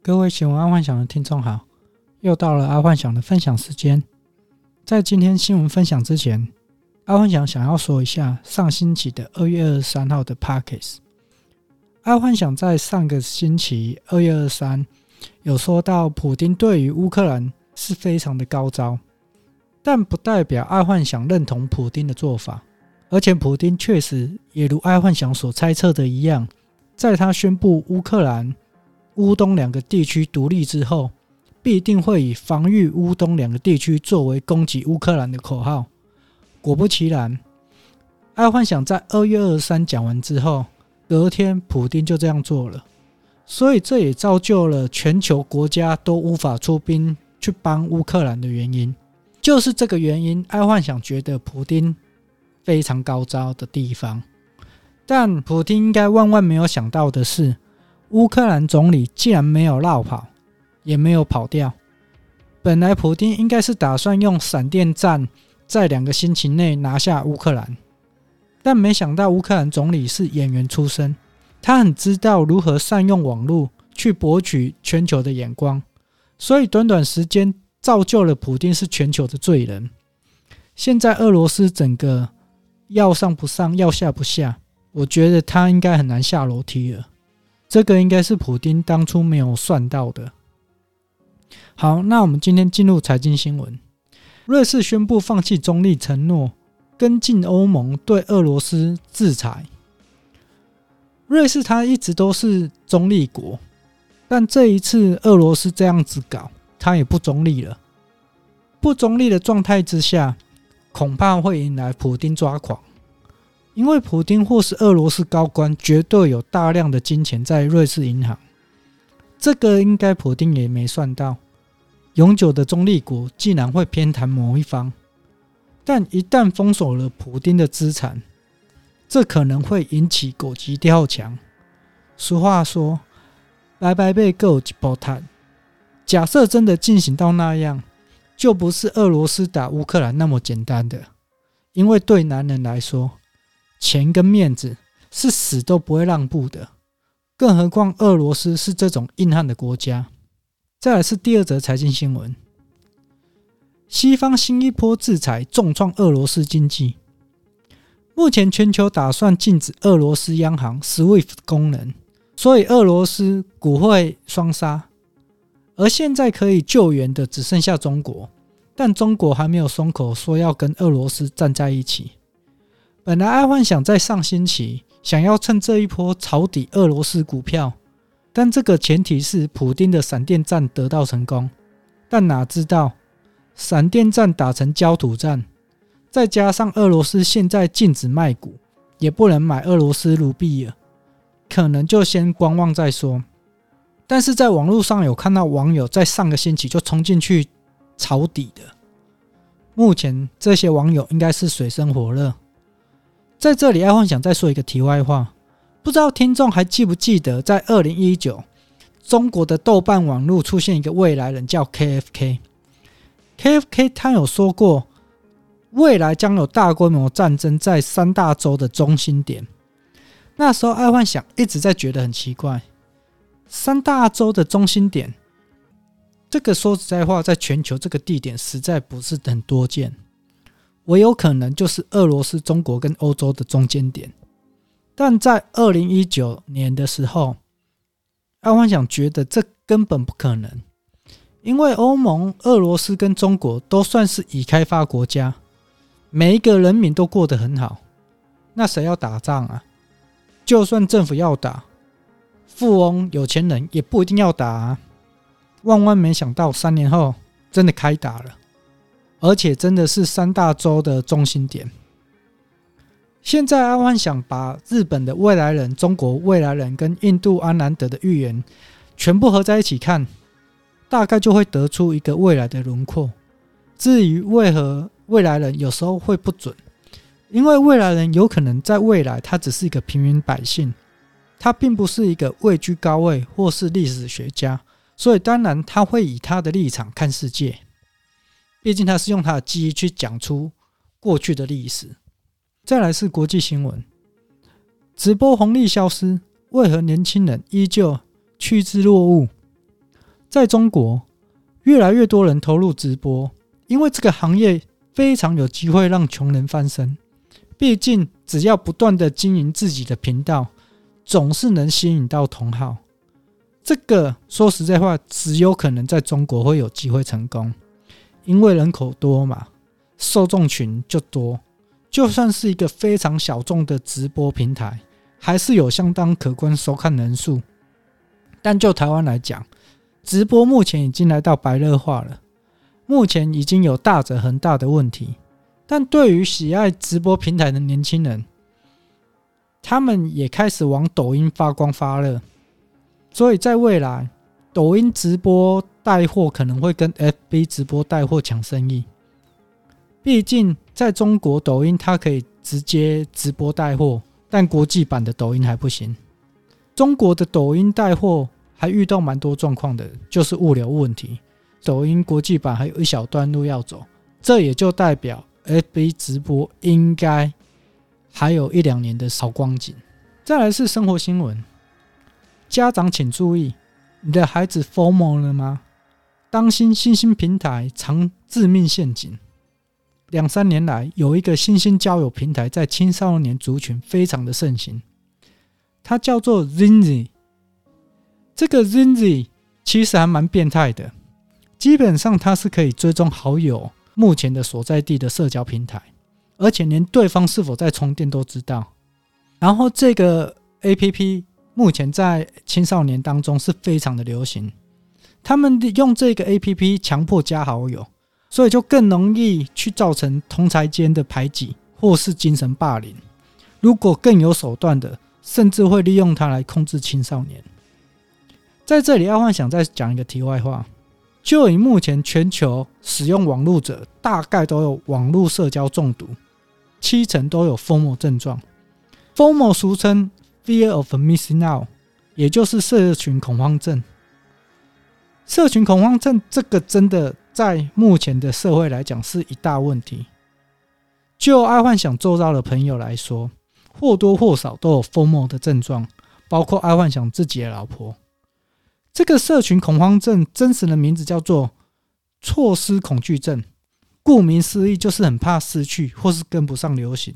各位喜歡阿幻想的聽眾好，又到了阿幻想的分享時間。在今天新聞分享之前，阿幻想想要說一下上星期的二月二十三號的 Podcast 阿幻想在上個星期二月二三有說到，普丁對於烏克蘭是非常的高招，但不代表阿幻想認同普丁的做法。而且，普丁確實也如阿幻想所猜測的一樣，在他宣布烏克蘭。烏東兩個地區獨立之後，必定會以防御烏東兩個地區作為攻擊烏克蘭的口號。果不其然，愛幻想在二月二十三講完之後，隔天普丁就這樣做了。所以這也造就了全球國家都無法出兵去幫烏克蘭的原因，就是這個原因。愛幻想覺得普丁非常高招的地方，但普丁應該萬萬沒有想到的是。烏克蘭總理既然沒有落跑，也沒有跑掉。本來普丁應該是打算用閃電戰在兩個星期內拿下烏克蘭，但沒想到烏克蘭總理是演員出身，他很知道如何善用網絡去博取全球的眼光，所以短短時間造就了普丁是全球的罪人。現在俄羅斯整個要上不上，要下不下，我覺得他應該很難下樓梯了。這個應該是普丁當初沒有算到的。好，那我們今天進入財經新聞。瑞士宣布放棄中立承諾，跟進歐盟對俄羅斯制裁。瑞士它一直都是中立國，但這一次俄羅斯這樣子搞，它也不中立了。不中立的狀態之下，恐怕會引來普丁抓狂。因為普丁或是俄羅斯高官絕對有大量的金錢在瑞士銀行，這個應該普丁也沒算到，永久的中立國竟然會偏袒某一方，但一旦封鎖了普丁的資產，這可能會引起狗急跳牆。俗話說，白白被狗一抱。假設真的進行到那樣，就不是俄羅斯打烏克蘭那麼簡單的，因為對男人來說。錢跟面子是死都不會讓步的，更何況俄羅斯是這種硬漢的國家。再來是第二則財經新聞：西方新一波制裁重創俄羅斯經濟。目前全球打算禁止俄羅斯央行 SWIFT 功能，所以俄羅斯股匯雙殺。而現在可以救援的只剩下中國，但中國還沒有鬆口說要跟俄羅斯站在一起。本來愛幻想在上星期想要趁這一波抄底俄羅斯股票，但這個前提是普丁的閃電戰得到成功。但哪知道閃電戰打成焦土戰，再加上俄羅斯現在禁止賣股，也不能買俄羅斯盧比了，可能就先觀望再說。但是在網絡上有看到網友在上個星期就衝進去抄底的，目前這些網友應該是水深火熱。在這裡，艾幻想再說一個題外話，不知道聽眾還記不記得，在二零一九，中國的豆瓣網絡出現一個未來人叫 KFK，KFK 他有說過，未來將有大規模戰爭在三大洲的中心點。那時候，艾幻想一直在覺得很奇怪，三大洲的中心點，這個說實在話，在全球這個地點實在不是很多見。唯有可能就是俄羅斯、中國跟歐洲的中間點，但在二零一九年的時候，安、啊、我想覺得這根本不可能，因為歐盟、俄羅斯跟中國都算是已開發國家，每一個人民都過得很好，那誰要打仗啊？就算政府要打，富翁、有錢人也不一定要打啊！萬萬沒想到，三年後真的開打了。而且真的是三大洲的中心點。現在阿萬想把日本的未來人、中國未來人跟印度安南德的預言全部合在一起看，大概就會得出一個未來的輪廓。至於為何未來人有時候會不準，因為未來人有可能在未來他只是一個平民百姓，他並不是一個位居高位或是歷史學家，所以當然他會以他的立場看世界。畢竟他是用他的記憶去講出過去的歷史。再來是國際新聞，直播紅利消失，為何年輕人依舊趨之若鶩？在中國，越來越多人投入直播，因為這個行業非常有機會讓窮人翻身。畢竟，只要不斷的經營自己的頻道，總是能吸引到同好。這個說實在話，只有可能在中國會有機會成功。因為人口多嘛，受眾群，就多，就算是一個非常小眾的直播平台，還是有相當可觀收看人數。但就台灣來講，直播目前已經來到白熱化了，目前已經有大者恆大的問題。但對於喜愛直播平台的年輕人，他們也開始往抖音發光發熱，所以在未來，抖音直播。帶貨可能會跟 FB 直播帶貨搶生意，畢竟在中國抖音它可以直接直播帶貨，但國際版的抖音還不行。中國的抖音帶貨還遇到蠻多狀況的，就是物流問題。抖音國際版還有一小段路要走，這也就代表 FB 直播應該還有一兩年的燒光景。再來是生活新聞，家長請注意，你的孩子 FOMO 了嗎？當心新興平台藏致命陷阱。兩三年來，有一個新興交友平台在青少年族群非常的盛行，它叫做 Zenly。這個 Zenly 其實還蠻變態的，基本上它是可以追蹤好友目前的所在地的社交平台，而且連對方是否在充電都知道。然後這個 APP 目前在青少年當中是非常的流行。他們用這個 APP 強迫加好友，所以就更容易去造成同儕間的排擠或是精神霸凌。如果更有手段的，甚至會利用它來控制青少年。在這裡，阿幻想再講一個題外話：就以目前全球使用網絡者，大概都有網絡社交中毒，七成都有 FOMO 症狀。FOMO 俗稱 Fear of Missing Out，也就是社群恐慌症。社群恐慌症這個真的在目前的社會來講是一大問題。就愛幻想周遭的朋友來說，或多或少都有瘋魔的症狀，包括愛幻想自己的老婆。這個社群恐慌症真實的名字叫做錯失恐懼症。顧名思義，就是很怕失去，或是跟不上流行，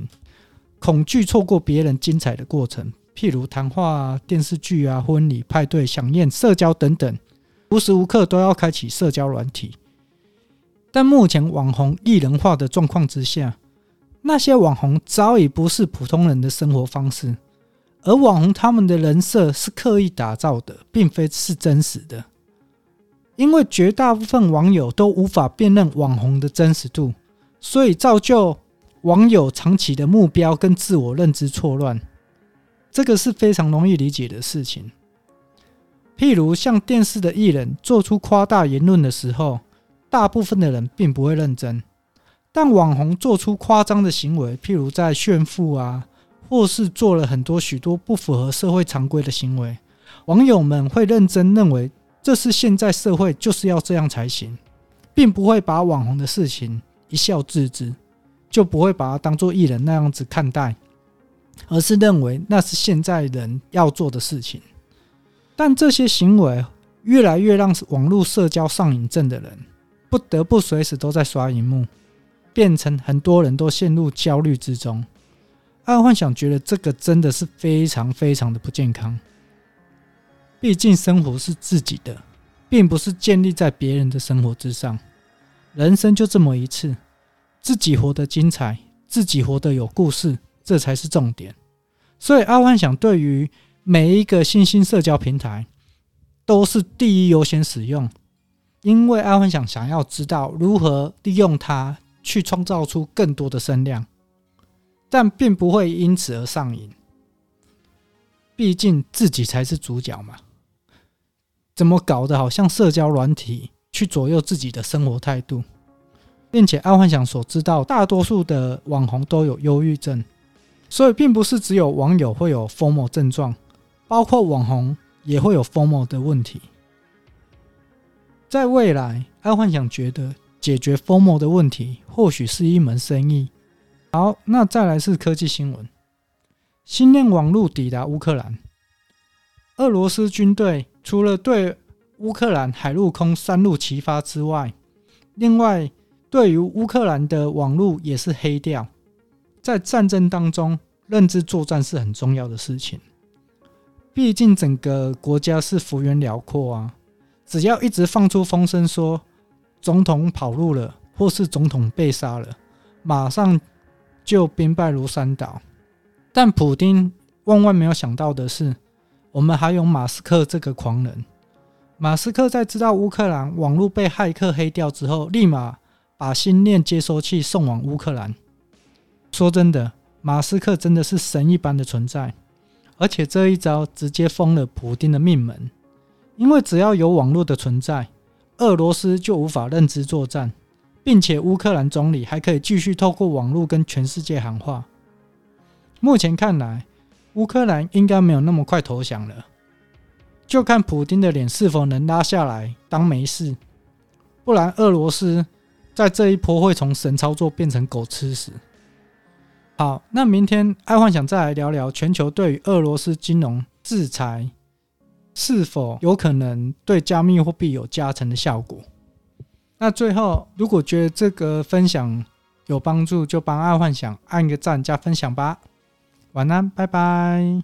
恐懼錯過別人精彩的過程，譬如談話、電視劇啊、婚禮、派對、饗宴、社交等等。無時無刻都要開啟社交軟體，但目前網紅藝人化的狀況之下，那些網紅早已不是普通人的生活方式，而網紅他們的人設是刻意打造的，並非是真實的。因為絕大部分網友都無法辨認網紅的真實度，所以造就網友長期的目標跟自我認知錯亂，這個是非常容易理解的事情。譬如像電視的藝人做出誇大言論的時候，大部分的人並不會認真；但網紅做出誇張的行為，譬如在炫富啊，或是做了很多許多不符合社會常規的行為，網友們會認真認為這是現在社會就是要這樣才行，並不會把網紅的事情一笑置之，就不會把它當做藝人那樣子看待，而是認為那是現在人要做的事情。但這些行為越來越讓網絡社交上癮症的人不得不隨時都在刷熒幕，變成很多人都陷入焦慮之中。阿幻想覺得這個真的是非常非常的不健康。畢竟生活是自己的，並不是建立在別人的生活之上。人生就這麼一次，自己活得精彩，自己活得有故事，這才是重點。所以阿幻想對於。每一個新興社交平台都是第一優先使用，因為愛幻想想要知道如何利用它去創造出更多的聲量，但並不會因此而上癮。畢竟自己才是主角嘛，怎麼搞得好像社交軟體去左右自己的生活態度。並且愛幻想所知道，大多數的網紅都有憂鬱症，所以並不是只有網友會有 FOMO 症狀。包括網紅也會有 FOMO 的問題，在未來，愛幻想覺得解決 FOMO 的問題或許是一門生意。好，那再來是科技新聞：星鏈網絡抵達烏克蘭，俄羅斯軍隊除了對烏克蘭海陸空三路齊發之外，另外對於烏克蘭的網絡也是黑掉。在戰爭當中，認知作戰是很重要的事情。畢竟整個國家是幅員遼闊啊，只要一直放出風聲說總統跑路了，或是總統被殺了，馬上就兵敗如山倒。但普丁萬萬沒有想到的是，我們還有馬斯克這個狂人。馬斯克在知道烏克蘭網絡被駭客黑掉之後，立馬把星鏈接收器送往烏克蘭。說真的，馬斯克真的是神一般的存在。而且這一招直接封了普丁的命門，因為只要有網絡的存在，俄羅斯就無法認知作戰，並且烏克蘭總理還可以繼續透過網絡跟全世界喊話。目前看來，烏克蘭應該沒有那麼快投降了，就看普丁的臉是否能拉下來當沒事，不然俄羅斯在這一波會從神操作變成狗吃屎。好，那明天愛幻想再來聊聊全球對俄羅斯金融制裁是否有可能對加密貨幣有加成的效果。那最後，如果覺得這個分享有幫助，就幫愛幻想按個讚加分享吧。晚安，拜拜。